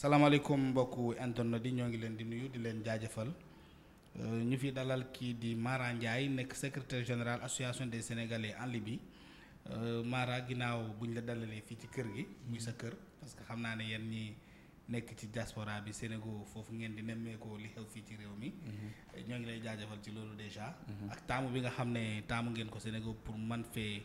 salaamaaleykum mbokku internet yi ñoo ngi leen di nuyu di leen jaajëfal euh, ñu fi dalal kii di Mara Ndiaye nekk secretaire général association des sénégalais en Libye euh, Mara ginnaaw bu la dalalee fii ci kër gi muy sa kër parce que xam naa ne yéen ñi nekk ci diaspora bi Sénégal foofu ngeen di nemmeekoo li xew fii ci réew mi. Mhm. ñoo ngi lay jaajëfal ci loolu déjà. Mhm. ak taamu bi nga xam ne taamu ngeen ko Sénégal pour man fee.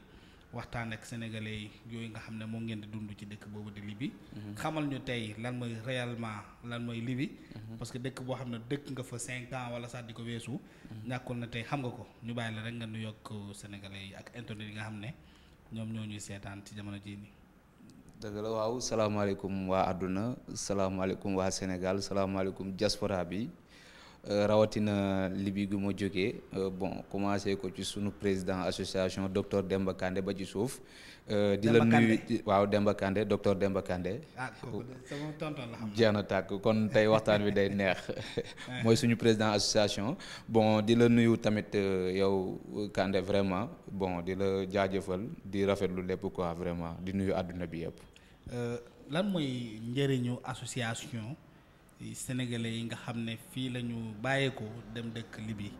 waxtaan ak sénégalais yooyu nga xam ne moom ngeen di dund ci dëkk boobu di Libye. Mhm. xamal ñu tey lan mooy réellement lan mooy libi mhm. parce que dëkk boo xam ne dëkk nga fa cinq ans wala sax di ko weesu. Mhm. ñàkkul na tey xam nga ko ñu bàyyi la rek nga nu yokk sénégalais yi ak internet yi nga xam ne ñoom ñoo ñuy seetaan ci jamono jii nii. dëgg la waaw salaamaaleykum waa àdduna salaamaaleykum waa Sénégal salaamaaleykum jasporaa bi. Euh, rawatina libi gu ma jógee euh, bon commencé ko ci suñu président association docteur Demba Kandé ba ci suuf. Euh, di la nuyu waaw Demba Kandé docteur Demba Kandé. Ah, jeex na tàkk kon tey waxtaan wi day neex. mooy suñu président association. bon di la nuyu tamit yow Kandé vraiment bon di la jaajëfal di rafetlu lépp ko vraiment di nuyu àdduna bi yëpp. lan mooy njëriñu association. sénégalais yi nga xam ne fii la ñu bàyyeekoo dem dëkk Libye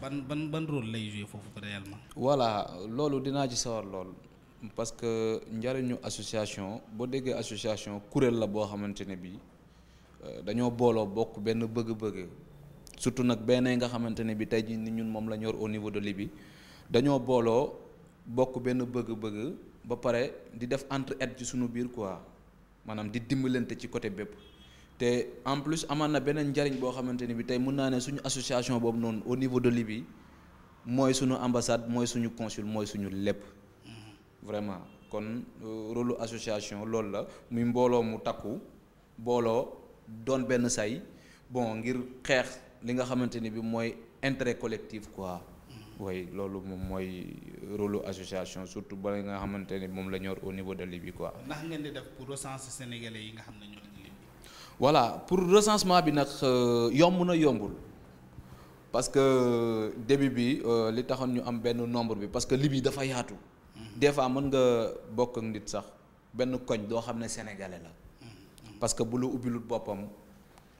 ban ban ban rôle lay jouer foofu réellement. voilà loolu dinaa ci sawar lool parce que njariñu association boo déggee association kuréel la boo xamante ne bii euh, dañoo booloo bokk benn bëgg-bëgg surtout nag benn nga xamante ne bii tey jii ni ñun moom la ñor au niveau de Libye dañoo booloo bokk benn bëgg-bëgg ba pare di def entre-aide ci suñu biir quoi maanaam di dimbalante ci côté bépp. te en plus amaan na beneen njariñ boo xamante ni bi tey mun naa ne suñu association boobu noonu au niveau de libi mooy suñu ambassade mooy suñu consul mooy suñu lépp vraiment kon euh, rôle association loolu la muy mbooloo mu takku mbooloo doon benn say bon ngir xeex li nga xamante ni bi mooy intérêt collectif quoi way loolu moom mooy rôle association surtout ba nga xamante ni moom la ñor au niveau de Libye quoi. ndax ngeen di def pour recenser sénégalais yi nga xam ne voilà pour recensement bi nag euh, yomb na yombul parce que euh, début bi euh, li taxoon ñu am benn nombre bi parce que li bi dafa yaatu. des fois mën nga bokk ak nit sax benn koñ doo xam ne sénégalais la. parce que bu la ubbilut boppam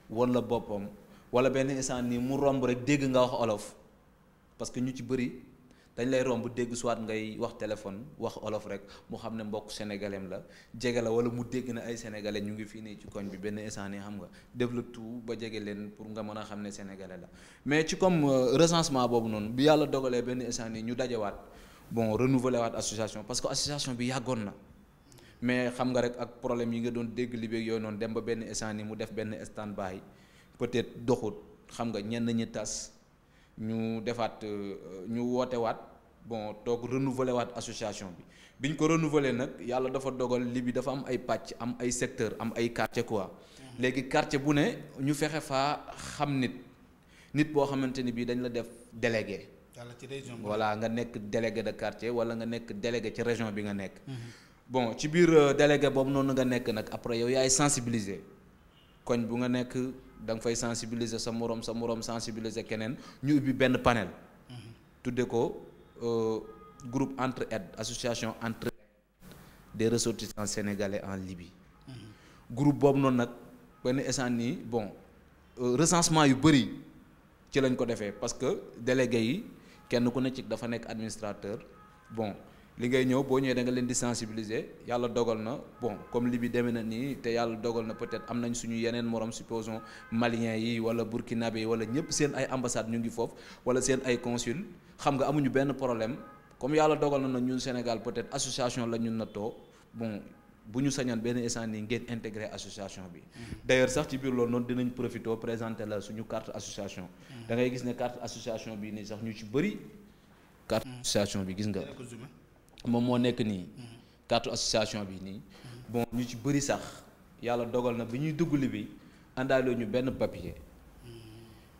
won la boppam wala benn instant nii mu romb rek dégg nga wax olof parce que ñu ci bëri. dañ lay romb dégg soit ngay wax téléphone wax olof rek mu xam ne mbokk sénégalais la jege la wala mu dégg na ay sénégalais ñu ngi fii nii ci koñ bi benn instant nii xam nga développe ba jege leen pour nga mën a xam ne sénégalais la mais ci comme euh, recensement boobu noonu bi yàlla dogalee benn instant nii ñu dajewaat bon renouveler waat association parce que association bi yàggoon na. mais xam nga rek ak problème yi nga doon dégg li beeg yooyu noonu dem ba benn instant mu def benn stand by peut-être doxut xam nga ñenn ñi tas ñu defaat euh, ñu woote waat bon toog renouveler waat association bi biñ ko renouveler nag yàlla dafa dogal li bi dafa am ay pàcc am ay secteur am ay quartier quoi mm-hmm. léegi quartier bu ne ñu fexe faa xam nit nit boo xamante ni bii dañ la def délégué voilà nga nekk délégué de quartier wala nga nekk délégué ci région bi nga nekk mm-hmm. bon ci biir euh, délégué boobu noonu nga nekk nag après yow yaay sensibiliser koñ bu nga nekk da nga fay sensibiliser sa moroom sa moroom sensibiliser keneen ñu ubbi benn panel. tudde ko euh, groupe entre aide association entre des ressortissants sénégalais en Libye. groupe boobu noonu nag benn instant nii bon euh, recensement yu bëri ci lañ ko defee parce que délégué yi kenn ku ne ci dafa nekk administrateur bon. li ngay ñëw boo ñëwee da nga leen di sensibiliser yàlla dogal na bon comme li bi demee na nii te yàlla dogal na peut-être am nañ suñu yeneen morom supposons maliens yi wala burkinabé yi wala ñëpp seen ay ambassade ñu ngi foofu wala seen ay consul xam nga amuñu benn problème comme yàlla dogal na ñu Sénégal peut-être association la ñu nattoo bon bu ñu sañoon benn instant nii ngeen intégré association bi. Mm-hmm. d'ailleurs sax ci biir loolu noonu dinañ profité présenter la suñu carte association. Mm-hmm. da ngay gis ne carte association bi nii sax ñu ci bëri. carte mm-hmm. association bi gis nga. moom moo nekk nii carte association bi nii bon ñu ci bëri sax yàlla dogal na bi ñuy dugg li bi àndaale ñu benn papier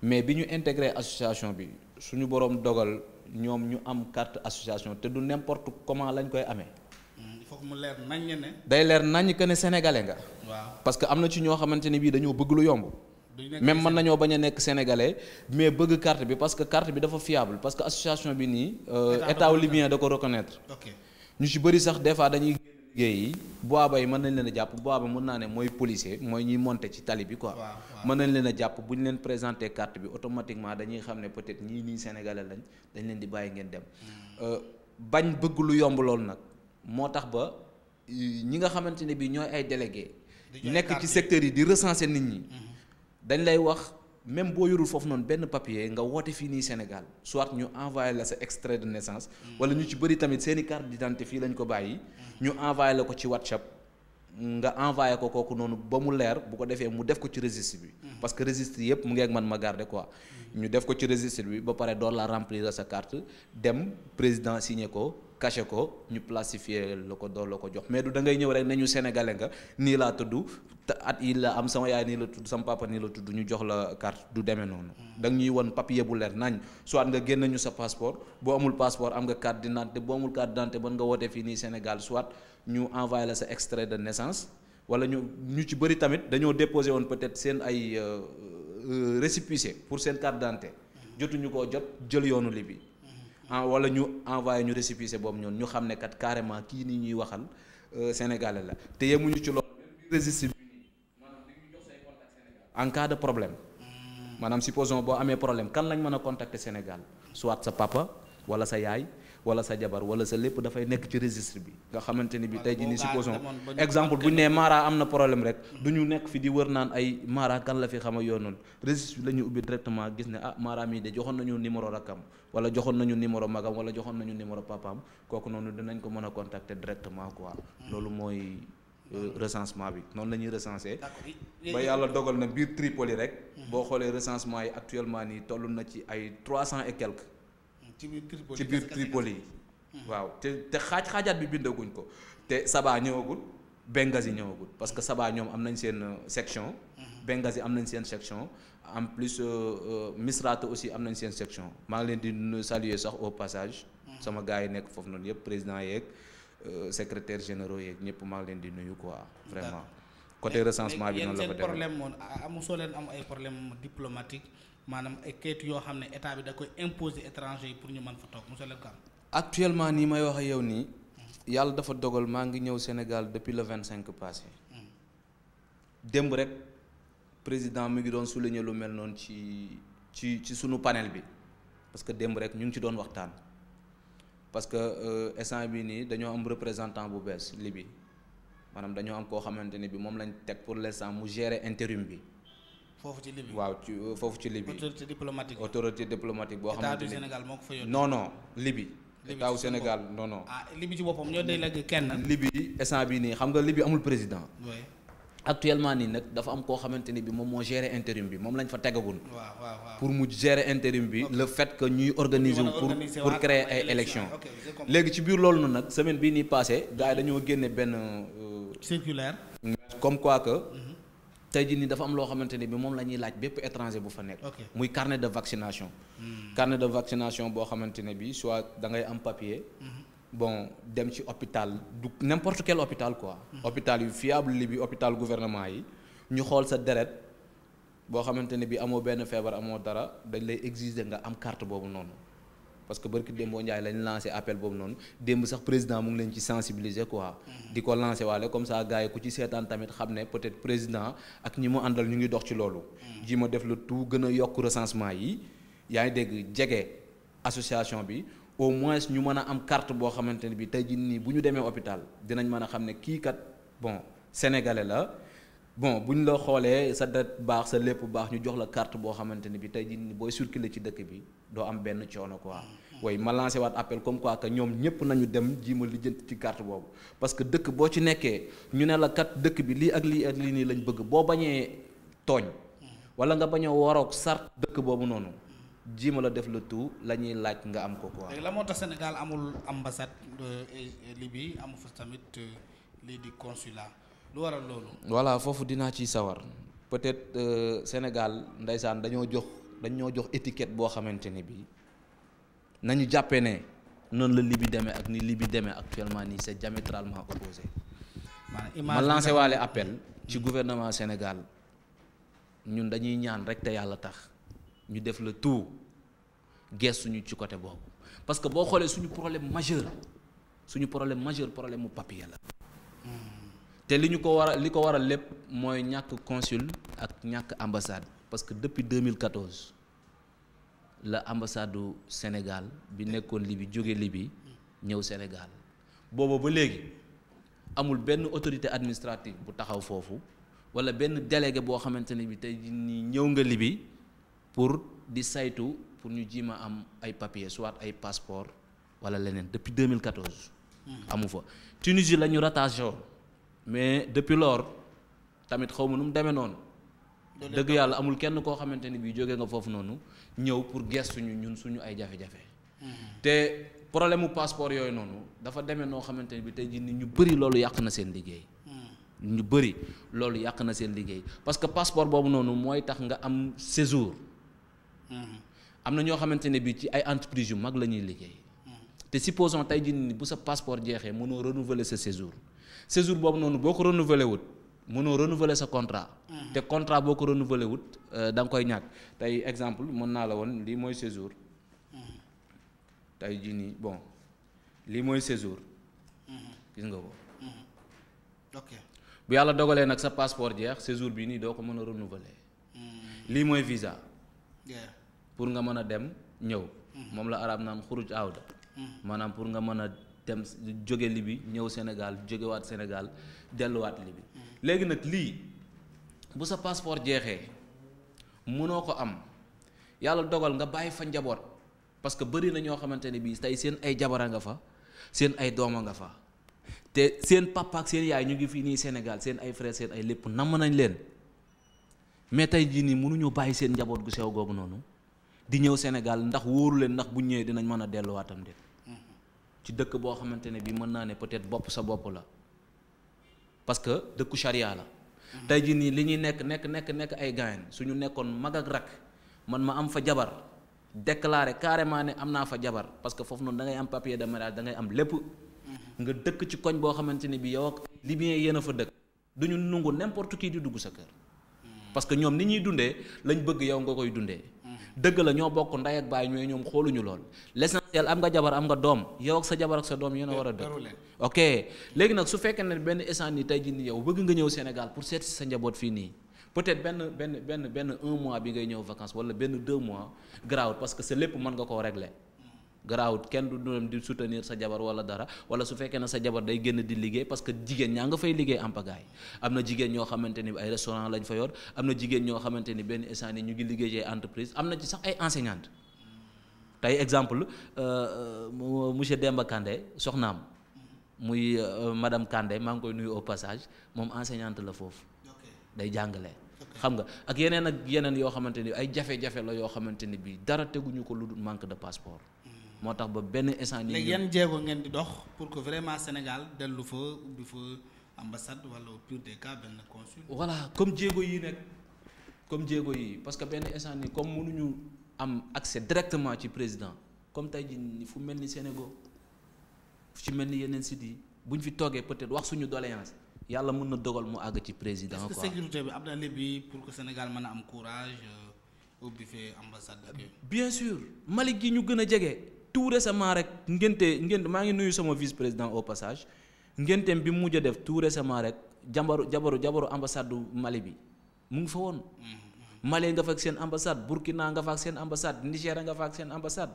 mais bi ñu intégré association bi suñu boroom dogal ñoom ñu am carte association te du n'importe comment lañ koy amee. Mm, il mu leer nañ ne. day leer nañ que ne sénégalais nga. waaw parce que am na ci ñoo xamante ne bii dañoo bëgg lu yomb. même mën nañoo bañ a nekk sénégalais mais bëgg carte bi parce que carte bi dafa fiable parce que association bi nii. Euh, état libyen da ko reconnaître ñu ci bëri sax des fois dañuy génn liggéey yi booba yi mën nañ leen a jàpp booba mën naa ne mooy policier mooy ñuy monter ci tali bi quoi. mën nañ leen a jàpp bu ñu leen présente carte bi automatiquement dañuy xam ne peut-être ñii nii sénégalais lañ dañ leen di bàyyi ngeen dem. Hmm. Euh, bañ bëgg lu yomb loolu nag moo tax ba ñi nga xamante ne bii ñooy ay délégué. nekk ci secteur yi di recenser nit ñi. Hmm. dañ lay wax même boo yorul foofu noonu benn papier nga woote fii nii Sénégal soit ñu envoyé la sa extrait de naissance. Mm. wala ñu ci bëri tamit seen i carte d'identité fii lañ ko bàyyi. Mm. ñu envoyé la ko ci WhatsApp. nga envoyé ko kooku noonu ba mu leer bu ko defee mu def ko ci registre bi. Mm. parce que registre yëpp mu ngi ak man ma garder quoi. ñu def ko ci registre bi ba pare door la remplir sa carte dem président signé ko. caché ko ñu plastifié la ko doo la ko jox mais du da ngay ñëw rek nañu sénégalais nga nii laa tudd at yi la am sama yaay nii la tudd sama papa nii la tudd ñu jox la carte du demee noonu. da ñuy won papier bu leer nañ soit nga génn ñu sa passeport boo amul passeport am nga carte d'identité boo amul carte d'identité mën nga woote fii nii Sénégal soit ñu envoyé sa extrait de naissance wala ñu ñu ci bëri tamit dañoo déposé woon peut-être seen ay euh, euh, récépissé pour seen carte d'identité jotuñu koo Ah, wala ñu envoyé ñu récépissé boobu ñoon ñu xam ne kat carrément kii nii ñuy waxal euh, sénégalais la te yemuñu ci loolu même registre bi en cas de problème maanaam supposons boo amee problème kan lañ mën a contacter Sénégal soit sa papa wala sa yaay wala sa jabar wala sa lépp dafay nekk ci registre bi nga xamante ni bi tey ji ni supposons exemple bu ñu nee Mara am na problème rek mm-hmm. du ñu nekk fi di wër naan ay Mara kan la fi xam a yoonul registre bi la ñu ubbi directement gis ne ah Mara mii de joxoon nañu numéro rakam wala joxoon nañu numéro magam wala joxoon nañu numéro papaam kooku noonu dinañ ko mën a contacter directement quoi mm-hmm. loolu mooy euh, recensement bi noonu la ñuy recenser ba yàlla dogal na biir Tripoli rek mm-hmm. boo xoolee recensement yi actuellement nii toll na ci ay trois cent et ci biir Tripoli biir Tripoli yi. Hmm. waaw te te xaaj xaajaat bi bindaguñ ko te Sabaa ñëwagul Benghazi ñëwagul parce que hmm. Sabaa ñoom am nañ seen euh, section. Hmm. Benghazi am nañ seen section en plus euh, euh, Misrata aussi am nañ seen section maa ngi leen di saluer sax au passage. sama gars yi nekk foofu noonu yëpp président yeeg secretaire générau yeeg ñëpp maa ngi leen di nuyu quoi. vraiment côté recensement bi noonu la ko demee mais yéen seen moom amu soo leen am ay problème diplomatique maanaam ay kayitu yoo xam ne état bi da koy imposer étranger yi pour ñu mën fa toog monsieur le Kane. actuellement nii may wax ak yow nii. yàlla dafa dogal maa ngi ñëw Sénégal depuis le vingt cinq passé. Hmm. démb rek président mi ngi doon souligner lu mel noonu ci ci sunu panel bi parce que démb rek ñu ngi ci doon waxtaan. parce que euh, instant bi nii dañoo am représentant bu bees Libye maanaam dañoo am koo xamante ne bi moom lañ teg pour l'instant mu gérer intérim bi. foofu ci Libye waaw ci euh, foofu ci Libye autorité diplomatique autorité diplomatique boo xamante ni état du Sénégal moo ko fa Sénégal non non ah bi nii xam nga Libye amul président actuellement nii nag dafa am koo xamante ni bi moom moo gérer intérim bi moom lañ fa tegagun waaw waaw pour mu gérer intérim bi le fait que ñuy organiser pour créer ay élection léegi ci biir loolu noonu nag semaine bii nii passé gars yi dañoo génne benn euh, circulaire comme quoi que mm-hmm. tey jii ni dafa am loo xamante ne bi moom la ñuy laaj bépp étranger bu fa nekk. muy carnet de vaccination. Hmm. carnet de vaccination boo xamante ne bi soit da ngay am papier. Hmm. bon dem ci hôpital du n'importe quel hôpital quoi. Hmm. hôpital yu fiable bi hôpital gouvernement yi ñu xool sa deret boo xamante ne bi amoo benn feebar amoo dara dañ lay exiger nga am carte boobu noonu. parce que barki démboo Ndiaye lañ lancé appel boobu noonu démb sax président mu ngi leen ci sensibiliser quoi. di ko lancé waale comme ça gars yi ku ci seetaan tamit xam ne peut-être président ak ñi mu àndal ñu ngi dox ci loolu. ji ma def le tout gën a yokk recensement yi yaa ngi dégg jege association bi. au moins ñu mën a am carte boo xamante ne bi tey jii nii bu ñu demee hôpital dinañ mën a xam ne kii kat bon sénégalais la bon bu ñu la xoolee sa date baax sa lépp baax ñu jox la carte boo xamante ne bi tey jii booy circuler ci dëkk bi doo am benn coono quoi. way ma lancé waat appel comme quoi que ñoom ñëpp nañu dem jiima lijjanti ci carte boobu parce que dëkk boo ci nekkee ñu ne la kat dëkk bi lii ak lii ak lii nii lañ bëgg boo bañee tooñ. wala nga bañ a waroog sart dëkk boobu noonu. jiima la def le tout la ñuy laaj nga am ko quoi. la moo tax Sénégal amul ambassade euh, Libye amu fa tamit euh, lii di consulat. lu loolu. voilà foofu dinaa ciy sawar peut-être euh, Sénégal ndeysaan dañoo jox dañoo jox étiquette boo xamante ni bii nañu jàppee ne noonu la li bi demee ak ni libi bi demee actuellement nii c'est diamétralement opposé. ma lancé waale appel ci mm-hmm. gouvernement Sénégal ñun dañuy ñaan rek te yàlla tax ñu def le tout gestuñu ci côté boobu parce que boo xoolee suñu problème majeur suñu problème majeur problème mu papier la. te li ñu ko waral li ko waral lépp mooy ñàkk consul ak ñàkk ambasade parce que depuis 2014 la ambassade Sénégal bi nekkoon Libye jóge Libye ñëw Sénégal booba ba léegi amul benn autorité administrative bu taxaw foofu walla benn délégué boo xamante ne bi tey nii ñëw nga libi pour di saytu pour ñu jiima am ay papiers soit ay passeport walla leneen depuis 2014. Hmm. amu fa Tunisie la ñu rattaché mais depuis lors tamit xaw ma nu mu demee noonu. dëgg yàlla amul kenn koo xamante ni bii jógee nga foofu noonu ñëw pour gestu ñu ñun suñu ay jafe-jafe. Mm-hmm. te problème mu passeport yooyu noonu dafa demee noo xamante ni bii tey jii ni ñu bëri loolu yàq na seen liggéey. Mm. ñu bëri loolu yàq na seen liggéey parce que passeport boobu noonu mooy tax nga am séjour. Mm-hmm. am na ñoo xamante ne bii ci ay entreprise yu mag la ñuy liggéey. Mm. te supposons tey ji ni bu sa passeport jeexee mënoo renouveler sa séjour. séjour boobu noonu boo ko renouveler wut mënoo renouveler sa contrat. Mm. te contrat boo ko renouveler wut euh, danga koy ñàkk tey exemple mën naa la woon lii mooy séjour. Mm. tey jii nii bon lii mooy séjour. Mm-hmm. gis nga ko. Mm-hmm. bu yàlla dogalee nag sa passeport jeex séjour bii nii doo ko mën a renouveler. Mm. lii mooy visa. pour nga mën a dem ñëw. Mm-hmm. moom la arab naan xuruj aawda. maanaam pour nga mën a. dem jóge Libi ñëw Sénégal jógewaat Sénégal delluwaat Libi léegi nag lii bu sa passeport jeexee mënoo ko am yàlla dogal nga bàyyi fa njaboot parce que bëri na ñoo xamante ne bii tey seen ay jabara nga fa seen ay doom a nga fa te seen papa ak seen yaay ñu ngi fii nii Sénégal seen ay frère seen ay lépp namm nañ leen mais tey jii nii mënuñu bàyyi seen njaboot gu sew googu noonu di ñëw Sénégal ndax wóoru leen ndax bu ñëwee dinañ mën a delluwaatam de ci dëkk boo xamante ne bii mën naa ne peut-être bopp sa bopp la parce que dëkku charia la. tey jii nii li ñuy nekk nekk nekk nekk ay su ñu nekkoon mag ak rak man ma am fa jabar déclarer carrément ne am naa fa jabar parce que foofu noonu da ngay am papier de mariage da am lépp. nga dëkk ci koñ boo xamante ne bii yow ak libyen yéen a fa dëkk. du ñu nangu n'importe qui di dugg sa kër. parce que ñoom ni ñuy dundee lañ bëgg yow nga koy dundee. dëgg la ñoo bokk ndey ak baay ñooy ñoom xooluñu lool l'essentiel am nga jabar am nga doom yow ak sa jabar ak sa doom yéen a war a dëkk ok léegi nag su fekkee ne benn essence ni tey jii nii yow bëgg nga ñëw Sénégal pour seet si sa njaboot fii nii peut-être benn benn benn benn un mois bi ngay ñëw vacance wala benn deux mois garaawut parce que sa lépp mën nga koo régler garaawut kenn du dem di soutenir sa jabar wala dara wala su fekkee ne sa jabar day génn di liggéey parce que jigéen ñaa nga fay liggéey en pagaille am na jigéen ñoo xamante ni ay restaurant lañ fa yor am na jigéen ñoo xamante ni benn instant ni ñu ngi liggéey entreprise am na ci sax ay enseignante tey exemple euh, euh, mu monsieur Demba Kandé soxnaam muy euh, madame Kandé maa ngi koy nuyu au passage moom enseignante la foofu day jàngale xam nga ak yeneen ak yeneen yoo xamante ni ay jafe-jafe la yoo xamante ni bii dara ko lu dul manque de passeport moo tax ba benn instant. léegi yan jéego ngeen di dox pour que vraiment Sénégal dellu fa ubbi fa ambassade wala au pire des cas benn consul. voilà comme jéego yi nekk comme jéego yi parce que benn instant ni comme mënuñu am accès directement ci président comme tey nii fu mel ni Sénégal fu ci mel ni yeneen sites yi bu fi toogee peut-être wax suñu doléance yàlla mun na dogal mu àgg ci président. quoi est-ce que bi ab na bi pour que Sénégal mën a am courage ubbi euh, fee ambassade. tout récemment rek ngénte ngénte maa ngi nuyu sama vice président au passage ngénteem bi mu mujj a def tout récemment rek jambaru jabaru jabaru ambassade Mali bi mu ngi fa woon. Mali nga fa ak seen ambassade Burkina nga fa ak seen ambasad Niger nga fa ak seen ambasad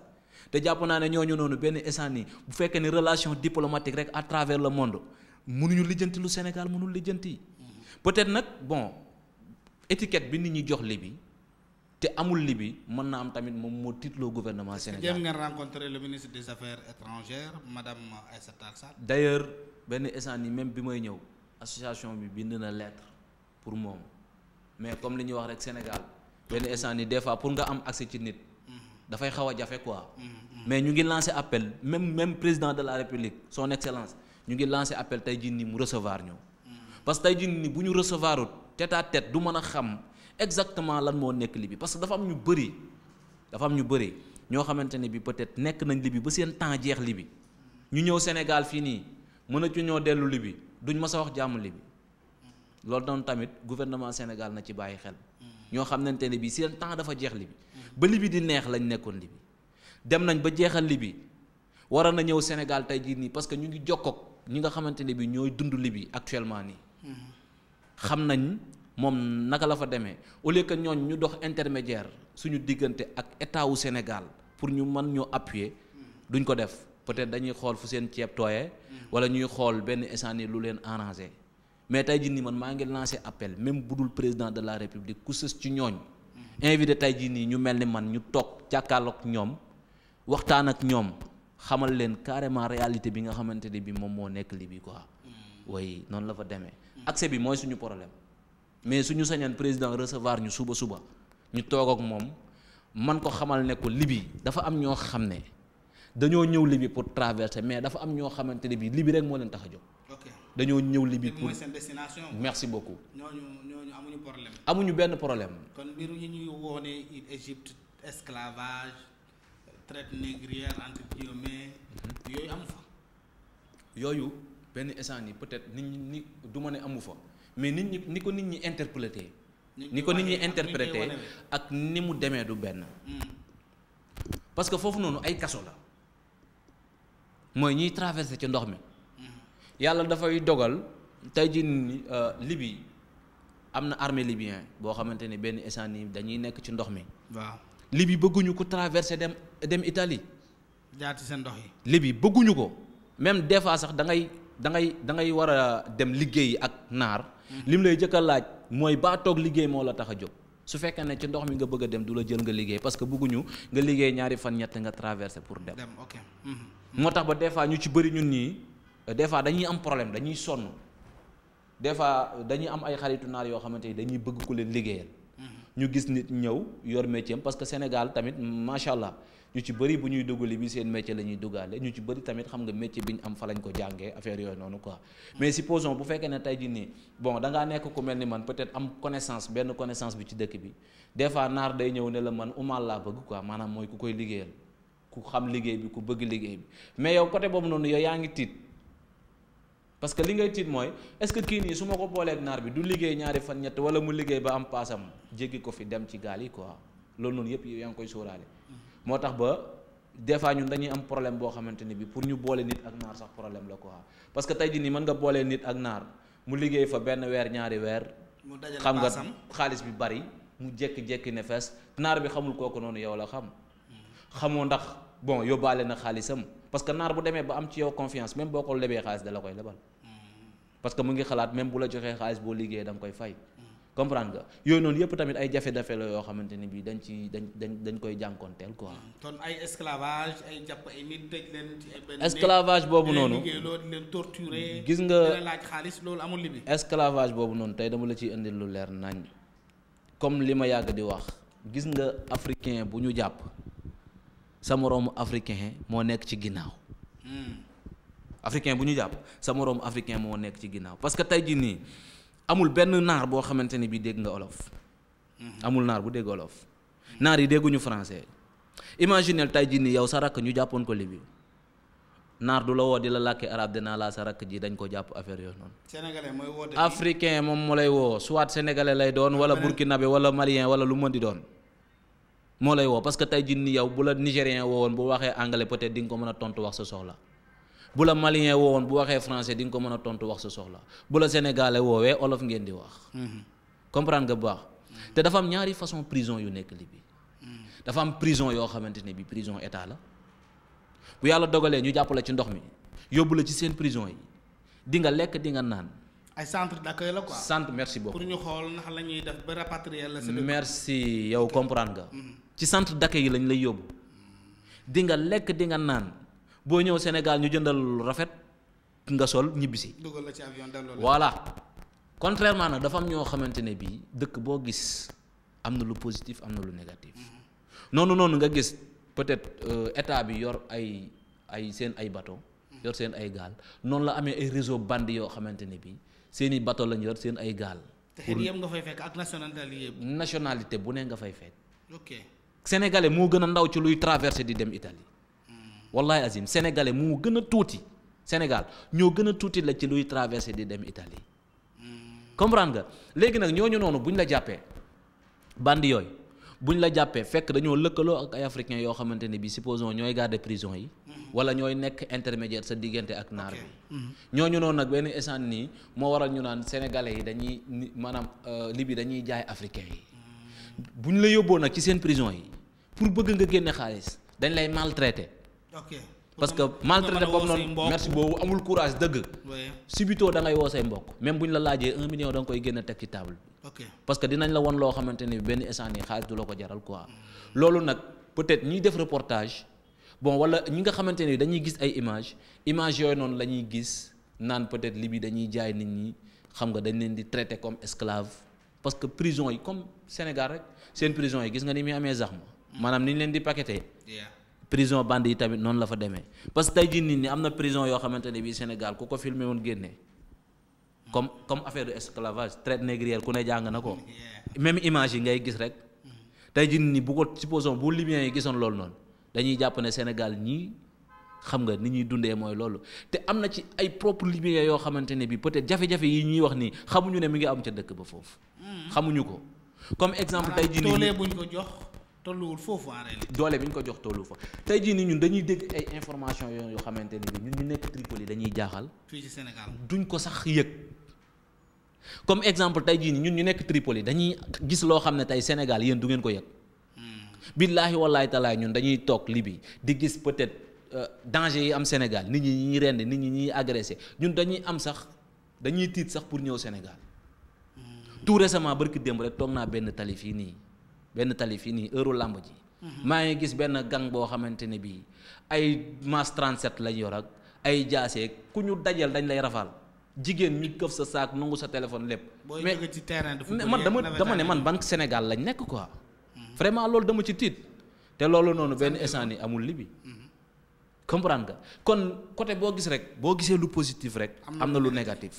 te jàpp naa ne ñoo ñu noonu benn instant nii bu fekkee ne relation diplomatique rek à travers le monde ñu lijjanti lu Sénégal mënul lijjanti. peut-être nag bon étiquette bi nit ñi jox li bi te amul li bi mën na am tamit moom moo tiitloo gouvernement Sénégal jéem ngeen rencontré le ministre benn instant yi même bi may ñëw association bi bind na lettre pour moom mais comme li ñuy wax rek Sénégal benn instant yi des fois pour nga am accès ci nit mhm. dafay xaw a jafe quoi mhm, mhm. mais ñu ngi lancé appel même même président de la république son excellence ñu ngi lancé appel tey jii nii mu recevoir ñëw parce que tey nii bu ñu recevoirut tête du mën a xam exactement lan moo nekk Libye parce que dafa am ñu bëri dafa am ñu bëri ñoo xamante ne bi peut-être nekk nañ Libye ba seen temps jeex Libye ñu ñëw Sénégal fii nii mën a ci ñoo dellu duñ mës a wax jàmm Libye loolu doon tamit gouvernement Sénégal na ci bàyyi xel. ñoo xamante ne bii seen temps dafa jeex Libye ba Libye di neex lañ nekkoon Libye dem nañ ba jeexal Libye waroon na ñëw Sénégal tey jii nii parce que ñu ngi jokkoog ñi nga xamante ne bii ñooy dund Libye actuellement nii mm-hmm. xam nañ. moom naka la fa demee au lieu que ñooñ ñu dox intermédiaire suñu diggante ak état wu Sénégal pour ñu mën ñoo appuyer duñ ko def peut-être dañuy xool fu seen ceeb tooye wala ñuy xool benn instant lu leen arrangé mais tey jii nii man maa ngi lancé appel même bu dul président de la république ku sës ci ñooñ. invité tey jii nii ñu mel ni man ñu toog jàkkaarloog ñoom waxtaan ak ñoom xamal leen carrément réalité bi nga xamante ne bi moom moo nekk li bi quoi. way noonu la fa demee. accès bi mooy suñu problème. mais suñu sañoon président recevoir ñu suba suba ñu toog ak moom man ko xamal ne ko libi dafa am ñoo xam ne dañoo ñëw libi pour traverser mais dafa am ñoo xamante ne bii libi rek moo leen tax a jóg. dañoo ñëw libi pour seen destination. merci beaucoup. ñooñu ñooñu amuñu problème. amuñu benn problème. kon mbir yi ñuy woone Égypte esclavage traite négrière entre guillemets yooyu amu fa. yooyu benn instant yi peut-être nit ni du ma ne amu fa. mais nit ñi ni ko nit ñi interprété. ni ko nit ñi interprété ak ni mu demee du benn. Hmm. parce que foofu noonu ay kaso la mooy ñiy traversé ci ndox mi. Hmm. yàlla dafay dogal tey jii euh, libi am na armée libien boo xamante ne benn instant nii dañuy nekk ci ndox mi. waaw Libye bëgguñu ko traversé dem dem Italie. jaar ci ndox yi. Libye bëgguñu ko même des fois sax dangay ngay da ngay da ngay war a dem liggéeyi ak naar. lim lay jëkk a laaj mooy baa toog liggéey moo la tax a jóg su fekkee ne ci ndox mi nga bëgg dem du la jël nga liggéey parce que bëgguñu nga liggéey ñaari fan ñett nga traversé pour dem. dem ok. Mhm. moo tax ba des fois ñu ci bëri ñun ñii euh, des fois dañuy am problème dañuy sonn des fois dañuy am ay xaritu naar yoo xamante ni dañuy bëgg ku leen liggéeyal. Mhm. ñu gis nit ñëw yor métier parce que Sénégal tamit macha allah ñu ci bëri bu ñuy duggali bi seen métier la ñuy duggaale ñu ci bëri tamit xam nga métier bi ñu am fa lañ ko jànge affaire yooyu noonu quoi mais supposons bu fekkee ne tey jii nii bon da ngaa nekk ku mel ni man peut-être am connaissance benn connaissance bi ci dëkk bi des fois naar day ñëw ne la man umal laa bëgg quoi maanaam mooy ku koy liggéeyal ku xam liggéey bi ku bëgg liggéey bi mais yow côté boobu noonu yow yaa ngi tiit parce que li ngay tiit mooy est-ce que kii nii su ma ko booleeg naar bi du liggéey ñaari fan wala mu liggéey ba am paasam jéggi ko fi dem ci gaal yi quoi loolu noonu yëpp koy sóoraale moo tax ba des fois ñun dañuy am problème boo xamante ni bi pour ñu boole nit ak naar sax problème la quoi parce que tey jii nii mën nga boolee nit ak naar mu liggéey fa benn weer ñaari weer. xam nga xaalis bi bari mu jékki-jékki ne fees naar bi xamul kooku noonu yow la xam. xamoo ndax bon yóbbaale na xaalisam parce que naar bu demee ba am ci yow confiance même boo ko lebee xaalis da la koy lebal. Mm. parce que mu ngi xalaat même bu la joxee xaalis boo liggéeyee da nga koy fay. comprendre nga yooyu noonu yëpp tamit ay jafe-jafe la yoo xamante ni bii dañ ci dañ dañ dañ koy jànkoonteel quoi. kon hmm. ay esclavage ay jàpp ay boobu noonu leen torturer gis nga laaj xaalis loolu amul li bi esclavage boobu noonu tey dama la ciy indil lu leer nañ comme li ma yàgg di wax gis nga africain bu ñu jàpp sa moroomu africain moo nekk ci ginnaaw. Hmm. africain bu ñu jàpp sa moroomu moo nekk ci ginnaaw tey jii nii. amul benn naar boo xamante ne bii dégg nga olof. amul naar bu dégg olof. naar yi dégguñu français. imaginel tay jii ni yow sa rakk ñu jàppoon ko Libye naar du la woo di la làkki arab dinaa laa sa rakk ji dañ ko jàpp affaire yooyu noonu. sénégalais mooy woote africain moom moo lay woo soit sénégalais lay doon wala burkinabé wala malien wala lu mën di doon. moo lay woo parce que tey jii nii bu la nigérien woowoon bu waxee anglais peut-être di nga ko mën tontu wax sa soxla. bu la malien woon bu waxee français di nga ko mën a tontu wax sa soxla bu la sénégalais woowee olof ngeen di wax comprendre nga bu baax te dafa am ñaari façon prison yu nekk bi dafa am prison yoo xamante ne bi prison état la bu yàlla dogalee ñu jàppale ci ndox mi yóbbu la ci seen prison yi di nga lekk di nga naan ay centre d'accueil la quoi centre merci beaucoup xool ndax la ñuy def ba rapatrier la merci yow comprendre ga mm-hmm. ci centre d'accueil yi lañ lay yóbbu di nga lekk di nga naan boo ñëw Sénégal ñu jëndal lu rafet nga sol ñibbisi. dugal la ci voilà contrairement nag dafa am ñoo xamante ne bii dëkk boo gis am na lu positif am na lu négatif mm-hmm. noonu noonu nga gis peut-être euh, état bi yor ay ay seen ay bateau mm-hmm. yor seen ay gaal noonu la amee ay réseau bandi yoo xamante ne bii seen i bateau lañ yor seen ay gaal. te xeet yëpp nga fay fekk ak nationalité yëpp. nationalité bu ne nga fay fekk. ok sénégalais moo gën a ndaw ci luy traversé di dem Italie. wallahi azim sénégalais mu gën a tuuti Sénégal ñoo gën a tuuti la ci luy traversé di dem itali comprendre nga léegi nag ñooñu noonu buñ la jàppee bandi yooyu buñ la jàppee fekk dañoo lëkkaloo ak ay africains yoo xamante ne bii supposons ñooy garder prison yi. wala ñooy nekk intermédiaire sa diggante ak naar bi. Mm-hmm. ñooñu noonu nag benn instant nii moo waral ñu naan sénégalais yi dañuy maanaam euh, libi dañuy jaay africains yi. Mm-hmm. buñ la yóbboo nag ci seen prison yi pour bëgg nga génne xaalis dañ lay maltraité. ok parce que maltraité boobu noonu merci boobu amul courage dëgg. subito da ngay woo say mbokk. même bu ñu la laajee un million da koy génn teg ci table bi. parce que dinañ la won loo xamante ni benn instant nii xaalis du la ko jaral quoi. loolu nag peut-être ñuy def reportage bon wala ñi nga xamante ni dañuy gis ay image image yooyu noonu la ñuy gis naan peut-être li bi dañuy jaay nit ñi xam nga dañ leen di traité comme esclave parce que prison yi comme Sénégal rek seen prison yi gis nga ni muy amee zaxma maanaam ni leen di paqueté. prison band yi tamit noonu la fa demee parce que tey jii am na prison yoo xamante ne Sénégal ku ko filmé woon comme comme affaire de esclavage traite négrière ku ne jàng na ko même image yi ngay gis rek tey jii nit ñi bu ko supposons bu Libyens yi gisoon loolu noonu dañuy jàpp ne Sénégal ñii xam nga ni ñuy dundee mooy loolu te am na ci ay propre Libyens yoo xamante ne bii peut-être jafe-jafe yi ñuy wax nii xamuñu ne mi ngi am ca dëkk ba foofu. Mm. xamuñu ko tolluwul foofu en doole bi ñu ko jox tollu fa tey jii nii ñun dañuy dégg ay information yoo yoo xamante ni bi ñun ñu nekk Tripoli dañuy jaaxal. fii ci Sénégal duñ ko sax yëg. comme exemple tey jii nii ñun ñu nekk Tripoli dañuy gis loo xam ne tey Sénégal yéen du ngeen ko yëg. Hmm. billaahi wallaahi talaay ñun dañuy toog Libi di gis peut-être euh, danger yi am Sénégal nit ñi ñuy rend nit ñi ñuy agressé ñun dañuy am sax dañuy tiit sax pour ñëw Sénégal. Hmm. tout récemment barki démb rek toog naa benn tali fii nii. benn tali fii nii heure làmb ji. Mhm. maa ngi gis benn gang boo xamante ne bii ay masse 37 lañ yor ak ay jaasee ku ñu dajal dañ lay rafaal jigéen ñu këf sa saak nangu sa téléphone lépp. mais man dama dama ne man banque Sénégal lañ nekk quoi. Mhm. vraiment loolu dama ci tiit te loolu noonu benn instant yi amul libi mhm. comprendre nga kon côté boo gis rek boo gisee lu positif rek. am na lu négatif.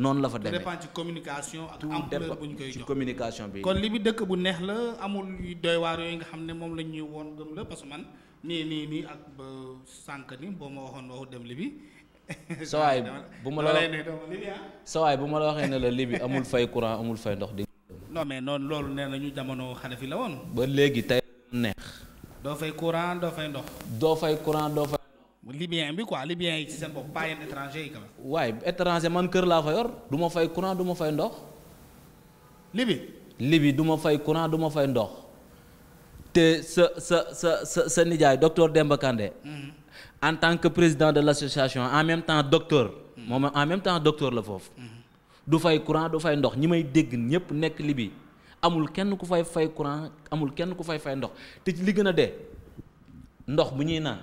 noonu la fa demee. tout dépend ci communication ak ampleur bu ñu koy jox ci communication bi. kon li bi dëkk bu neex la amul doy waar yooyu nga xam ne moom la ñuy woon gëm la parce nii nii nii ak ba sànq ni boo ma waxoon waxu dem li bi. sawaay bu ma la ah. sawaay bu ma la waxee ne la li bi amul fay courant amul fay ndox di. non mais noonu loolu nee nañu jamono xale fi la woon. ba léegi tey neex. doo fay courant doo fay ndox. doo fay courant doo fay. libyen bi quoi libyen yi ci seen bopp pas étranger yi quand waaye étranger man kër laa fa yor du ma fay courant du ma fay ndox. libi. libi du ma fay courant du ma fay ndox te sa sa sa sa sa nijaay docteur Demba mm-hmm. en tant que président de l' association en même temps docteur. Mm-hmm. moom en même temps docteur la foofu. Mm-hmm. du fay courant du fay ndox ñi may dégg ñëpp nekk libi amul kenn ku fay fay courant amul kenn ku fay fay ndox te li gën a dee ndox bu ñuy naan.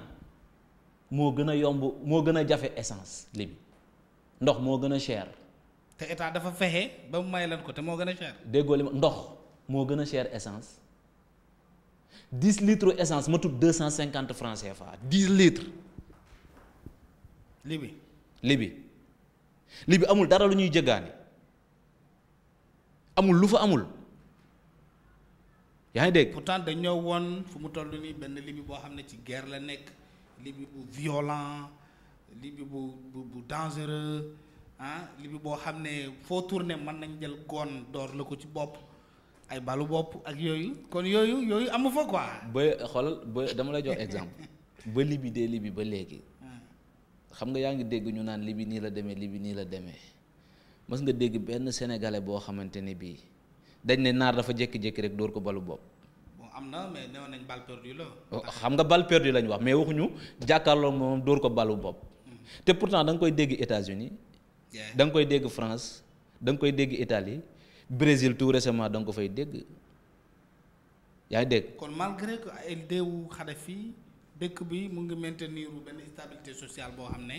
moo gën a yomb moo gën a jafe essence li ndox moo gën a cher. te état dafa fexe ba mu may leen ko te moo gën a cher. déggoo li ma ndox moo gën a cher essence dix litres essence ma tudd deux cent cinquante francs CFA dix litres. li libi libi amul dara lu ñuy jëggaani amul lu fa amul. yaa ngi dégg pourtant ñëw woon fu mu toll nii benn li bi boo xam ne ci guerre la nekk. libi bu violent libi bu bu bu dangereux ah libi boo xam ne foo tourné mën nañ jël goon door la ko ci bopp ay balu bopp ak yooyu kon yooyu yooyu amu fa quoi. ba xoolal ba dama la jox exemple ba libi dee libi ba léegi. Hmm. xam nga yaa ngi dégg ñu naan libi nii la demee libi nii la demee mës nga dégg benn sénégalais boo xamante ni bii dañ ne naar dafa jékki-jékki rek dóor ko balu bopp. am na mais nee nañ balle perdue la. Oh, xam nga balle perdue lañ wax mais waxuñu jàkkaarloo moom dóor ko ballu bopp. Mm-hmm. te pourtant da nga koy dégg États-Unis danga koy dégg France danga koy dégg Italie Brésil tout récemment da ko fay dégg yaa ngi dégg. kon malgré que ay deewu Kadhafi dëkk bi mu ngi maintenir benn stabilité sociale boo xam ne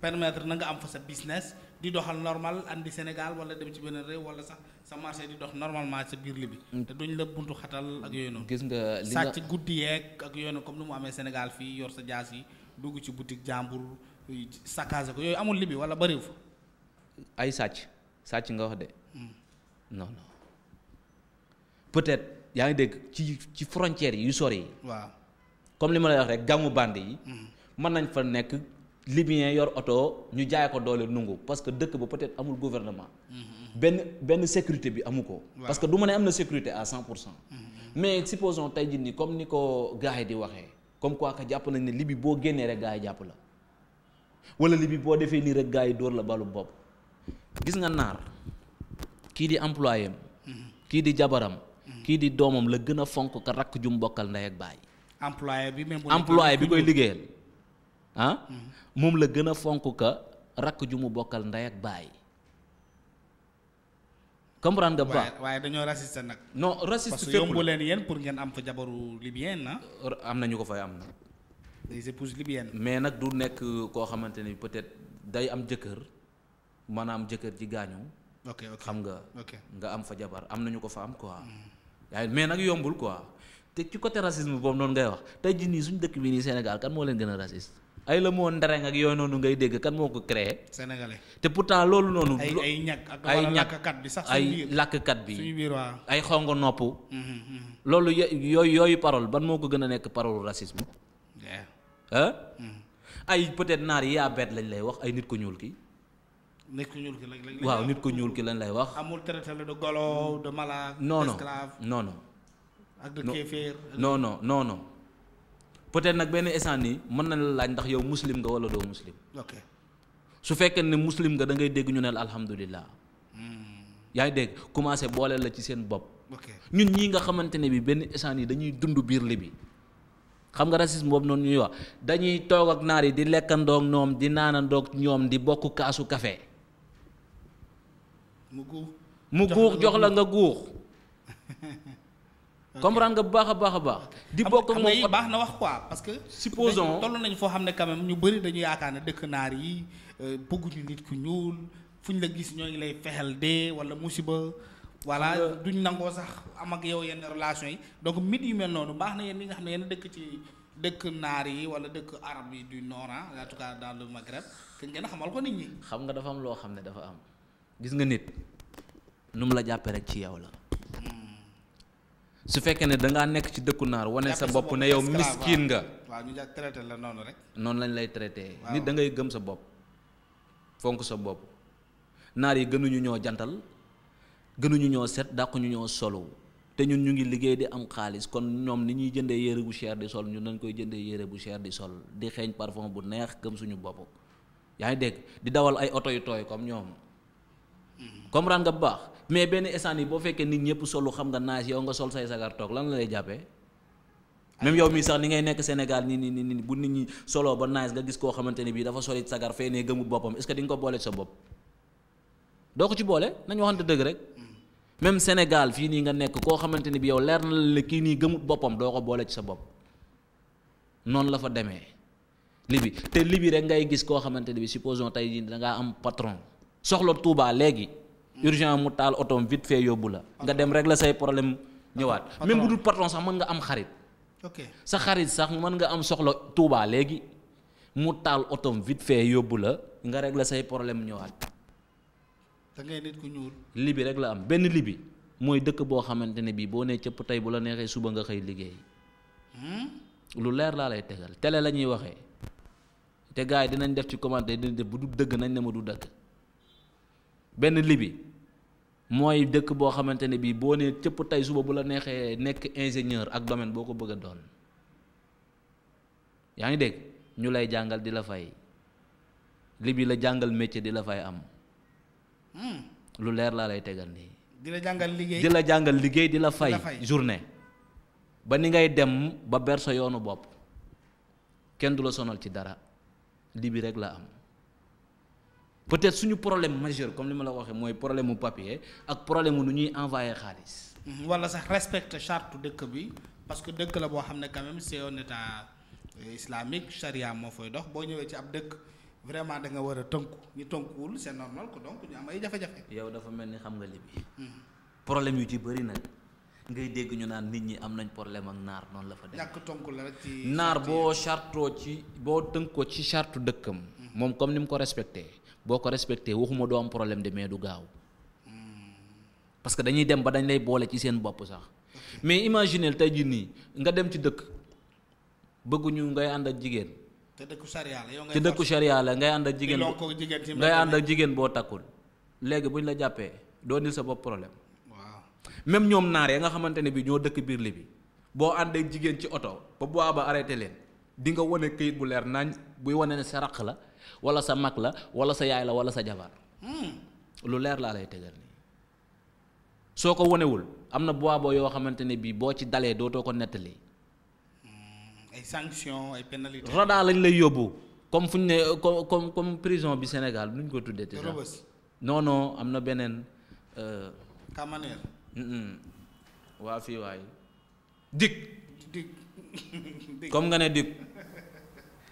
permettre nanga am fa sa business di doxal normal indi Sénégal wala dem ci beneen réew wala sax. sa marché di dox normalement sa biir li bi mm. te duñ la buntu xatal ak yooyu noonu. gis nga li nga sàcc guddi yeeg ak yooyu noonu comme ni mu amee Sénégal fii yor sa jaas yi dugg ci boutique jàmbur saccage ko yooyu amul libi wala bëriw fa. sàcc sàcc nga wax mm. yaa ngi dégg ci ci frontières yi yu sori yi. comme li ma lay wax rek gàmmu band yi. Mm. mën nañ fa nekk. libyen yor oto ñu jaay ko doole nungu parce que dëkk ba peut-être amul gouvernement benn benn sécurité bi amu ko parce que du ma ne am na sécurité à cent pour cent mais supposons tey ji nii comme ni ko gars di waxee comme quoi que jàpp nañ ne libi boo génnee rek gars yi jàpp la wala libi boo defee nii rek gars yi dóor la balu bopp gis nga naar kii di employé am kii di jabaram kii di doomam la gën a fonk ka rakk jum bokkal ndey ak baay employé bi même employé bi koy liggéeyal ah mm-hmm. moom la gën a fonk ka rakk ju mu bokkal ndey ak baay comprendre nga baax waaye dañoo raciste nag. non raciste parce que yombu leen yéen pour ngeen am fa jabaru libyenne ah. am na ñu ko fay am na. des mais nag du nekk koo xamante ni peut-être day am jëkkër maanaam jëkkër ji gaañu. ok ok xam nga. nga am fa jabar am na ko fa am quoi. waaye mm-hmm. mais nag yombul quoi te ci côté racisme boobu noonu ngay wax tey jii nii suñu dëkk bi nii Sénégal kan moo leen gën a raciste. ay la moo ndereng ak yooyu noonu ngay dégg kan moo ko créé. sénégalais te pourtant loolu noonu. ay ay ñàkk ak ay làkkkat bi sax ay làkkkat bi suñu biir ay xongo nopp. Mm-hmm, mm-hmm. loolu yooyu yooyu parole ban moo ko gën a nekk parole racisme. ah. ay peut naar yi yaa bett lañ lay wax ay nit ko ñuul ki nit ñuul ki lañ waaw nit ku ñuul ki lañ lay wax. amul traité de golo de malade. non non non non. ak peut-être nag benn instant nii mën na la laaj ndax yow muslim nga wala doo muslim. su fekkee ne muslim nga da ngay dégg ñu ne la alhamdulilah. Hmm. yaa ngi dégg commencé boole la ci seen bopp. ñun ñii nga xamante ne bi benn instant nii dañuy dund biir li bi xam nga racisme boobu noonu ñuy wax dañuy toog ak naar yi di lekkandoog ñoom di naanandoog ñoom di bokk kaasu kafe mu mu guux jox la nga guux. comprendre nga bu baax a baax a baax. di bokk moom xam baax na wax quoi parce que. supposons toll nañu foo xam ne quand ñu bari dañu yaakaar ne dëkk naar yi euh, bëgguñu nit ku ñuul fu ñu la gis ñoo ngi lay fexel de wala musiba. voilà duñ nangoo sax am ak yow yenn relation yi donc mit yu mel noonu baax na yéen ñi nga xam ne yéen dëkk ci dëkk naar yi wala dëkk arab yi du nord en tout cas dans le Maghreb te ngeen xamal ko nit ñi. xam nga dafa am loo xam ne dafa am. gis nga nit nu la jàppee rek ci yow la. su fekkee ne da nekk ci dëkku naar wane sa bopp ne yow miskin nga. waaw ñu traité la noonu rek. noonu lañ lay traité. nit da gëm sa bopp fonk sa bopp naar yi gënuñu ñoo jantal gënuñu ñoo set dàquñu ñoo solo te ñun ñu ngi liggéey di am xaalis kon ñoom ni ñuy jëndee yére bu cher di sol ñun dañ koy jëndee yére bu cher di sol di xeeñ parfum bu neex gëm suñu bopp yaa ngi dégg di dawal ay oto yu tooy comme ñoom. comprendre nga bu baax mais benn instant yi boo fekkee nit ñëpp solu xam nga naaj yow nga sol say sagar toog lan la lay jàppee. même yow mii sax ni ngay nekk Sénégal ni ni ni bu nit ñi soloo ba naaj nga gis koo xamante ne bii dafa solit sagar fee ne gëmut boppam est-ce que doo ko ci boole nañu waxante dëgg rek même Sénégal fii nii nga nekk koo xamante ni bii yow leer na la kii nii gëmut boppam doo ko boole ci sa bopp noonu la fa demee libi te libi rek ngay gis koo xamante ne bii supposons tey jii dangaa am patron. soxla Touba léegi urgent mu taal otoom vite fait yóbbu la nga dem rek la say problème ñëwaat même bu dul patron sax mën nga am xarit sa xarit sax mën nga am soxla Touba léegi mu taal otoom vite fait yóbbu la nga rek la say problème ñëwaat da ngay nit ku ñuul libi rek la am benn libi mooy dëkk boo xamante ne bii boo nee cëpp tey bu la neexee suba nga xëy liggéey hmm? lu leer laa lay tegal tele la ñuy waxee te gars yi dinañ def ci commentaire dinañ def bu du dëgg nañ ne ma du dëgg benn libi mooy dëkk boo xamante ne bii boo ne cëpp tey suba bu la neexee nekk ingénieur ak domaine boo ko bëgg a doon yaa ngi dégg ñu lay jàngal di la fay libi la jàngal métier di la fay am. Hmm. lu leer laa lay tegal nii. di la jàngal liggéey di la jàngal liggéey di la fay journée. ba ni ngay dem ba ber yoonu bopp kenn du la sonal ci dara libi rek la am. peut-être suñu problème majeur comme li ma la waxee mooy problème mu papier ak problème mu nu ñuy envoyé xaalis. Mhm. wala sax respecte charte dëkk bi parce que dëkk la boo xam ne quand se c'est un état euh, islamique charia moo fay dox boo ñëwee ci ab dëkk vraiment da nga war a tënku ñu tënkuwul c'est normal que donc ñu am ay jafe-jafe. yow dafa mel ni xam nga li bi mhm. problème yu ci bëri nag ngay dégg ñu naan nit ñi am nañ problème ak naar noonu la fa demee. ñàkk tënku la rek ci. naar boo chartoo ci boo tënkoo ci charte dëkkam. Mhm. moom comme ni mu ko respecté. boo ko respecté waxuma doo am problème de mais du gaaw parce que dañuy dem ba dañ lay boole ci seen bopp sax mais imaginez tey jii nii nga dem ci dëkk bëgguñu ngay ànd ak jigéen. te dëkku charia yow ngay te dëkku charia ngay ànd ak jigéen ngay ànd ak jigéen boo takkul léegi bu buñ la jàppee doo nil sa bopp problème. waaw même ñoom naar yi nga xamante ne bi ñoo dëkk biir bi boo ànd ak jigéen ci oto ba bu ba arrêté leen. di nga wane këyit bu leer nañ buy wone ne sa raq la wala sa mag la wala sa yaay la wala sa jabar hmm. lu leer laa lay tegal nii soo ko wonewul am na booboo yoo xamante ne bii boo ci dalee dootoo ko nettali. Hmm. ay sanctions lañ lay yóbbu comme fu ñu ne comme comme comme prison bi Sénégal nuñ ko tuddee. déjà non non am na beneen. Kamaneer. Euh, waa fii waay. dig comme nga ne dig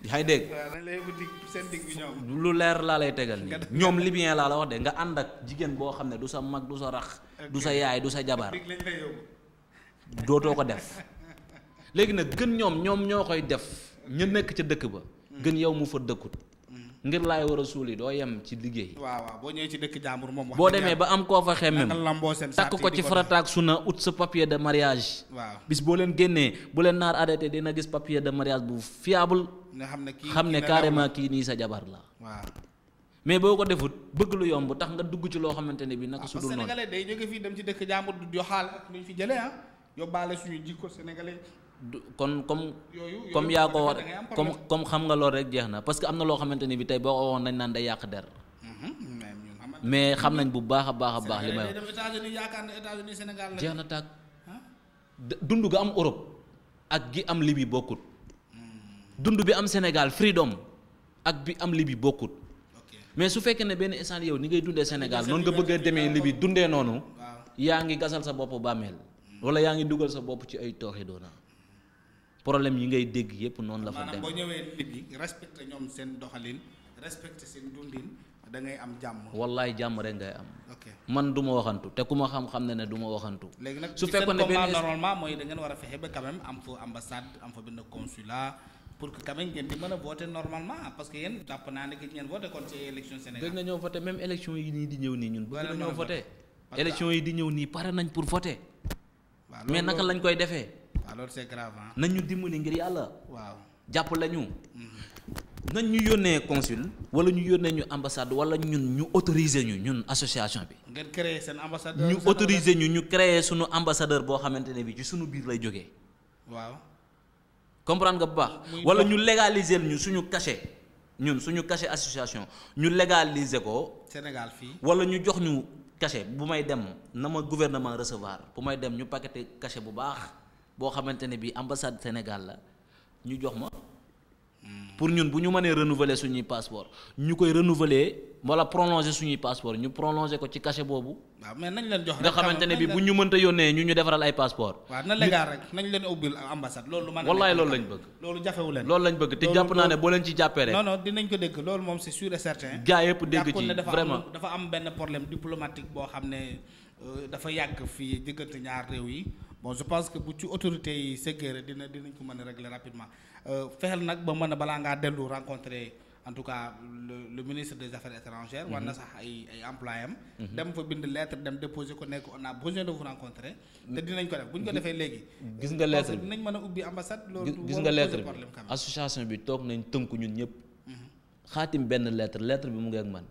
yaa ngi dégg lu leer laa lay tegal nii ñoom libyen laa la wax de nga ànd ak jigéen boo xam ne du sa mag du sa rax du sa yaay du sa jabar dootoo ko def léegi nag gën ñoom ñoom ñoo koy def ñu nekk ca dëkk ba hmm. gën yow mu fa dëkkut ngir laay war a suul yi doo yem ci liggéey. waaw waaw boo ñëwee ci dëkk jàmbur moom. wax boo demee ba am koo fa xemmem takk ko ci farataak sunna ut sa papier de mariage. waaw bis boo leen génnee bu leen naar arrêté dina gis papier de mariage bu fiable. nga xam ne kii xam kii nii sa jabar la. mais boo ko defut bëgg lu yomb tax nga dugg ci loo xamante ne naka su dul kon comme comme yaa ko comme comme xam nga loolu rek jeex na parce que am na loo xamante ni bi tey boo ko waxoon nañ naan day yàq der mm-hmm. mais xam nañ bu baax a baax a baax li may wax jeex na tàkk dund ga am Europe ak gi am Libi bokkut mm. dund bi am Sénégal freedom ak bi am Libi bokkut mais su fekkee ne benn instant yow ni ngay dundee Sénégal noon nga bëggee demee Libi dundee noonu yaa ngi gasal sa bopp bàmmeel mm. wala yaa ngi dugal sa bopp ci ay tooxi doona problème yi ngay dégg yëpp noonu la fa dem maanaam boo ñëwee liggéey respecté ñoom seen doxalin respecté seen dundin da ngay am jàmm. wallaay jàmm rek ngay am. man du waxantu te ku ma xam-xam ne ne du ma waxantu. su fekkoon ne benn normalement mooy da ngeen war a fexe ba que quand mën a voter normalement parce que yéen jàpp naa ne gis ngeen voter kon ci élection Sénégal. bëgg nañoo voter même élection yi nii di ñëw nii ñun. bëgg nañoo voter élection yi di ñëw nii pare nañ pour voter mais naka lañ koy defee. waaw loolu c'est grave nañ ñu dimbali ngir yàlla. waaw jàppale ñu. Mm. nañ ñu yónnee consul. wala ñu yónnee ñu ambassade wala ñun ñu autoriser ñu ñun association bi. ngeen créer seen ambassadeur. ñu autoriser ñu ñu créer suñu ambassadeur boo xamante ne bi ci suñu biir lay jógee. waaw. comprendre nga bu baax. wala ñu légaliser ñu suñu cachet. ñun suñu kase association ñu légaliser ko. Sénégal fii wala ñu jox ñu cachet bu may dem na ma gouvernement recevoir bu may dem ñu paqueté cachet bu baax. boo xamante ne bii ambassade Sénégal la ñu jox ma. pour ñun bu ñu manee renouveler suñuy passeport ñu koy renouveler wala prolonger suñuy passeport ñu prolonger ko ci cachet boobu. waaw mais nañ leen jox nga xamante ne bi bu ñu mënta yónnee ñu ñu defaral ay passeport. waaw na légal rek nañ leen ubbil ambassade loolu. mën wallaay loolu lañ bëgg. loolu jafewu leen loolu lañ bëgg te jàpp naa ne boo leen ci jàppee rek. non dinañ ko dégg loolu moom c'est sûr et certain. gaa yëpp dégg ci vraiment dafa am benn problème diplomatique boo xam ne euh, dafa yàgg fii diggante ñaar réew yi. bon je pense que bu ci autorité yi séggéere dina dinañ ko mën a régler rapidement euh, fexeel nag ba mën a balaa ngaa dellu rencontrer en tout cas le le ministre des affaires étrangères. war mhm. sax ay ay employé am. Mhm. dem fa bind lettre dem déposer ko nekk on a besoin de vous rencontrer. te dinañ ko def bu ñu ko defee léegi. gis nga lettre bi dinañ mën a ubbi ambassade. loolu gis nga lettre bi association bi toog nañ tënku ñun ñëpp. Mhm. xaatim benn lettre lettre bi mu ngi ak man.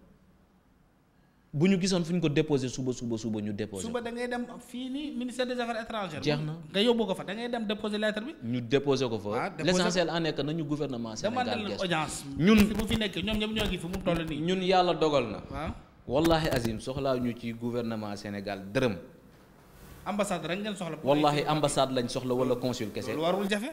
bu ñu gisoon fu ñu ko déposé suba suba suba ñu déposé. suba dangay ngay dem fii nii ministère des affaires étrangères. jeex na nga yóbbu ko fa da dem déposé lettre bi. ñu déposé ko fa. waaw déposé l' nañu gouvernement Sénégal gees audience. ñun bu fi nekkee ñoom ñoom ñoo ngi fi mu toll nii. ñun yàlla dogal na. waaw wallaahi Azim soxlaa ñu ci gouvernement Sénégal dërëm. ambassade rek ngeen soxla. wallaahi ambassade lañ soxla wala consul kese. warul jafe.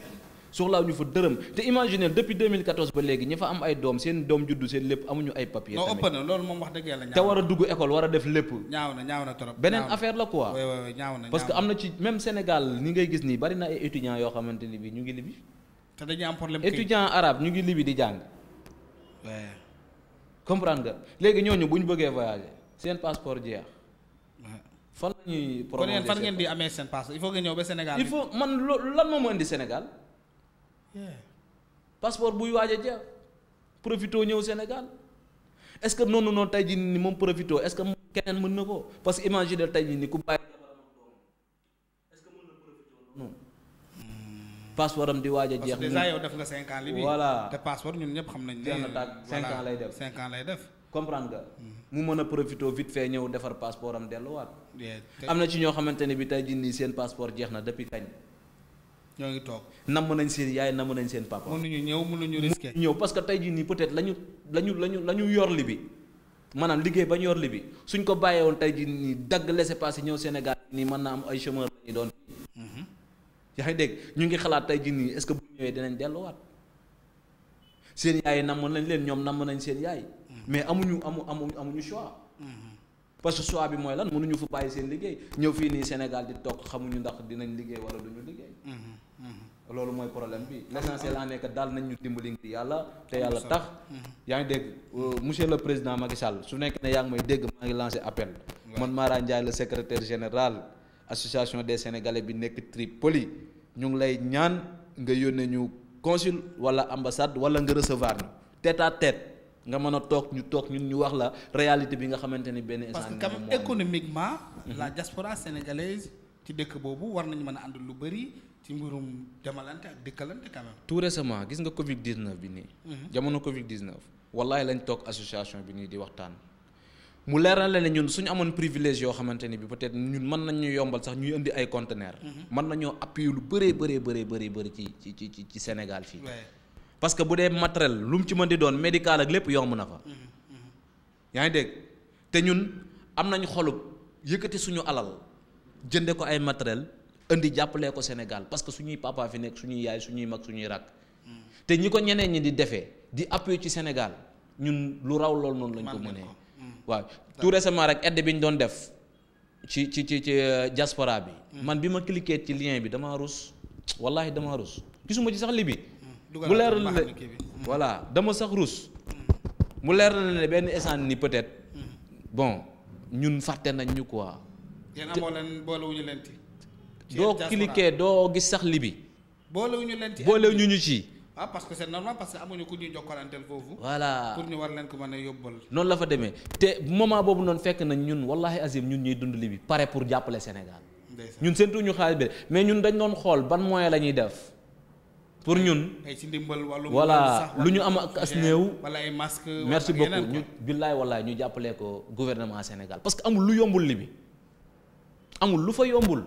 soxlaaw ñu fa dërëm te imaginer depuis 2014 ba léegi ñi fa am ay doom seen doom juddu seen lépp amuñu ay papier tamit non ëpp moom wax dëgg yàlla ñaaw te war a dugg école war a def lépp ñaaw na ñaaw na trop beneen affaire la quoi ñaaw na parce que am na ci même Sénégal ni ngay gis nii bari na ay étudiants yoo xamante ni bi ñu ngi libi te dañuy am problème étudiant arabe ñu ngi libi di jàng comprendre nga léegi ñooñu bu ñu bëggee voyager seen passeport jeex fan la ñuy prolongé kon fan amee seen passeport il faut ñëw ba Sénégal il faut man lan moo ma indi Sénégal passeport buy waaj a jeex profito ñëw Sénégal est-ce que noonu noonu tey jii nii moom profito est-ce que keneen mën na ko parce que imaginer tey jii ni ku bàyyi est que mën na profito hmm. passeport di waaj a jeex. déjà yow def nga cinq ans li bi voilà te passeport ñun ñëpp xam nañ ne. cinq ans lay def cinq lay def. comprendre nga. Hmm. mu mën a profité vite fait ñëw defar passeport am delluwaat. am na ci ñoo xamante ne bi tey jii nii seen passeport jeex na depuis kañ. ñoo ngi toog namm nañ seen yaay namm nañ seen papa. mënuñu ñëw mënuñu risqué. ñëw parce que tey jii nii peut-être lañu lañu lañu lañu yor li bi maanaam liggéey ba ñu yor li bi suñ ko bàyyee woon tey jii nii dagg laissez-passer ñëw Sénégal nii mën na am ay chômeur lañu doon. Mhm. yaa ngi dégg ñu ngi xalaat tey jii nii est-ce que bu ñëwee dinañ delluwaat seen yaay namm nañ leen ñoom namm nañ seen yaay. Mhm. mais amuñu amu amuñu amuñu choix. Mhm. parce que choix bi mooy lan mënuñu fa bàyyi seen liggéey ñëw fii nii Sénégal di toog xamuñu ndax dinañ liggéey wala duñu liggéey. Mm-hmm, mm-hmm. loolu mooy problème bi l'essentiel en est que daal nañ ñu dimbali ngir yàlla te yàlla mm-hmm. tax. yaa ngi dégg euh, monsieur le président Macky Sall su nekkee ne yaa ngi may dégg maa ngi lancé appel. man Mara Ndiaye le secrétaire général association des sénégalais bi nekk Tripoli ñu ngi lay ñaan nga yónnee ñu consul wala ambassade wala nga recevoir ñu nga mën a toog ñu toog ñun ñu wax la réalité bi nga xamante ni benn. parce que quand même économiquement. Mhm. la diaspora sénégalaise ci dëkk boobu war nañu mën a ànd lu bëri ci mbirum demalante ak dëkkalante quand même. tout récemment gis nga Covid 19 bi nii. Mhm. jamono Covid 19. wallahi lañ toog association bi nii di waxtaan. mu leeral la ne ñun suñu amoon privilège yoo xamante ni bi peut-être ñun mën nañ ñu yombal sax ñu indi ay conteneurs. Mhm. mën nañoo appuyer lu bëree bëree bëree bëri ci ci ci ci Sénégal fii. parce que bu dee matériel lu mu ci mën di doon médical ak lépp yomb na fa. Mhm, mhm. yaa ngi dégg te ñun am nañ xolub yëkkati suñu alal jënde ko ay matériel indi jàppale ko Sénégal parce que suñuy papa fi nekk suñuy yaay suñuy mag suñuy rakk. Mhm. te ñi ko ñeneen ñi di defee di appui ci Sénégal ñun lu raw loolu noonu lañ ko mënee. waaw tout récemment rek aide bi ñu doon def ci ci ci ci euh, bi. man bi ma cliquer ci lien bi damaa rus. wallahi damaa rus gisuma ci sax li mu leer la ne mm. voilà dama sax ruus mm. mu leer la ne benn essence ni peut-être mm. bon ñun fàtte nañ ñu ko quoi. yéen amoo leen boolewuñu leen ci. doo cliquer doo gis sax li bi. boolewuñu leen ci boolewuñu ñu ci. ah parce que c'est normal parce que amuñu ku ñuy jokkalanteel foofu. voilà pour ñu war leen ko mën a yóbbal. noonu la fa demee te moment boobu noonu fekk nañ ñun wallahi azim ñun ñuy dund li bi pare pour jàppale Sénégal. ñun seentu ñu xaalis bi mais ñun dañu doon xool ban moyen la ñuy def. pour ñun voilà lu ñu am ak as néew merci beaucoup ñu billaay wallaay ñu jàppalee ko gouvernement Sénégal parce que amul lu yombul libi amul lu fa yombul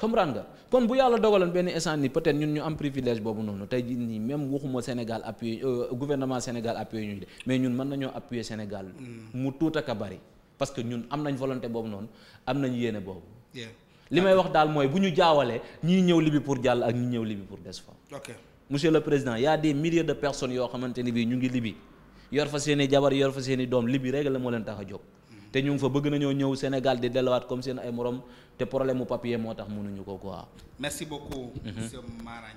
comprendre nga kon bu yàlla dogaloon benn instant ni peut-être ñun ñu am privilège boobu noonu tey jii nii même waxuma Sénégal appuyé euh, gouvernement Sénégal appuyé ñu de mais ñun mën nañoo appuyer Sénégal mm. mu tuut a bari parce que ñun am nañ volonté boobu noonu am nañ yéene boobu li may wax daal mooy bu ñu jaawalee ñii ñëw libi pour jàll ak ñi ñëw libi pour des fois. ok monsieur le président y a des milliers de personnes yoo xamante ni bii ñu ngi libi yor fa seen i jabar yor fa seen doom libi rek la moo leen tax a jóg. te ñu ngi fa bëgg nañoo ñëw Sénégal di delluwaat comme seen ay morom te problème mu papier moo tax mënuñu ko quoi. merci beaucoup. Mhm. monsieur Mara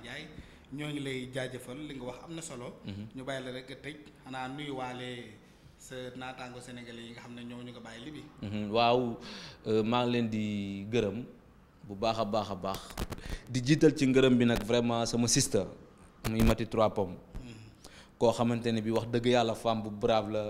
ñoo ngi lay jaajëfal li nga wax am na solo. Mhm. ñu bàyyi la rek nga tëj xanaa nuyuwaale sa naataango sénégalais yi nga xam ne ñoo ñu nga bàyyi libi. Mhm. waaw euh, maa ngi leen di gërëm. bu baax a baax a baax di jiital ci ngërëm bi nag vraiment sama sister muy mati trois pommes koo xamante ne bi wax dëgg yàlla femme bu brave la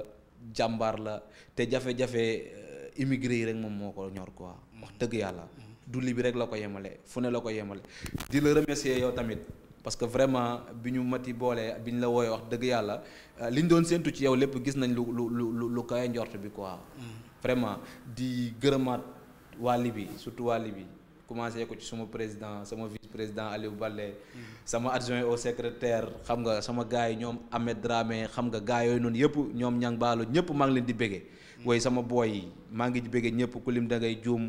jàmbaar la te jafe-jafe euh, immigré yi rek moom moo ko ñor quoi wax dëgg yàlla dulli bi rek la ko yemale fu ne la ko yemale di la remercier yow tamit parce que vraiment bi ñu mati boolee bi ñu la wooyee wax dëgg yàlla euh, liñ doon séentu ci yow lépp gis nañ lu lu lu lu kawe njort bi quoi mm. vraiment di gërëmaat waa Libi surtout commencé ko ci suma président sama vice président Aliou Baldé sama adjoint au secrétaire xam nga sama gars yi ñoom Ahmed Dramé xam nga gars yooyu noonu yëpp ñoom ñang baalo ñëpp maa ngi leen di béggee woy sama booy yi maa ngi béggee ñëpp ku lim da ngay juum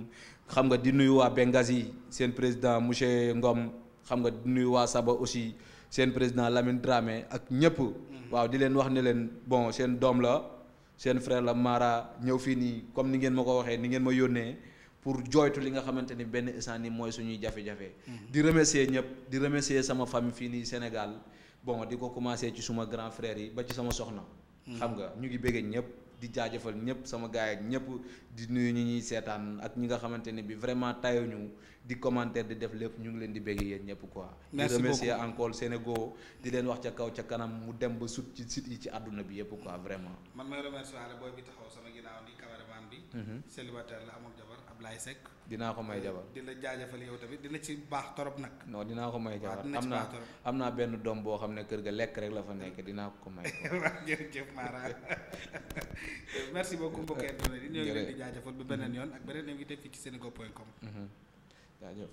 xam nga di nuyu waa Benghazi seen président monsieur Ngom xam nga di nuyu waa Saba aussi seen président lamin Dramé ak ñëpp waaw di leen wax ne leen bon seen doom la seen frère la Mara ñëw fii nii comme ni ngeen ma ko waxee ni ngeen ma yónnee pour jooytu li nga xamante ni benn instant ni mooy suñuy jafe-jafe. Mhm. di remercier ñëpp di remercier sama famille fii nii Sénégal bon di ko commencé ci suma grand frère yi ba ci sama soxna. Mhm. xam nga ñu ngi bëggee ñëpp di jaajëfal ñëpp sama gaay ak ñëpp di nuyu ñu ñuy seetaan ak ñi nga xamante ne bi vraiment tayo ñu di commentaire di def lépp ñu ngi leen di bëggee yéen ñëpp quoi. di remercier encore Sénégal di leen wax ca kaw ca kanam mu dem ba sut ci site yi ci àdduna bi yëpp quoi man may Ablaye Seck. dinaa ko may jabar di la jaajëfal yow tamit dina ci baax torop nag. non dinaa ko may jabar am naa am naa benn doom boo xam ne kër ga lekk rek la fa nekk dinaa ko ko may. waaw jërëjëf Mara merci beaucoup mbokk yi di ñëw di jaajëfal ba beneen mm-hmm. yoon ak beneen invité fii ci senego point com. Mm-hmm. jaajëf.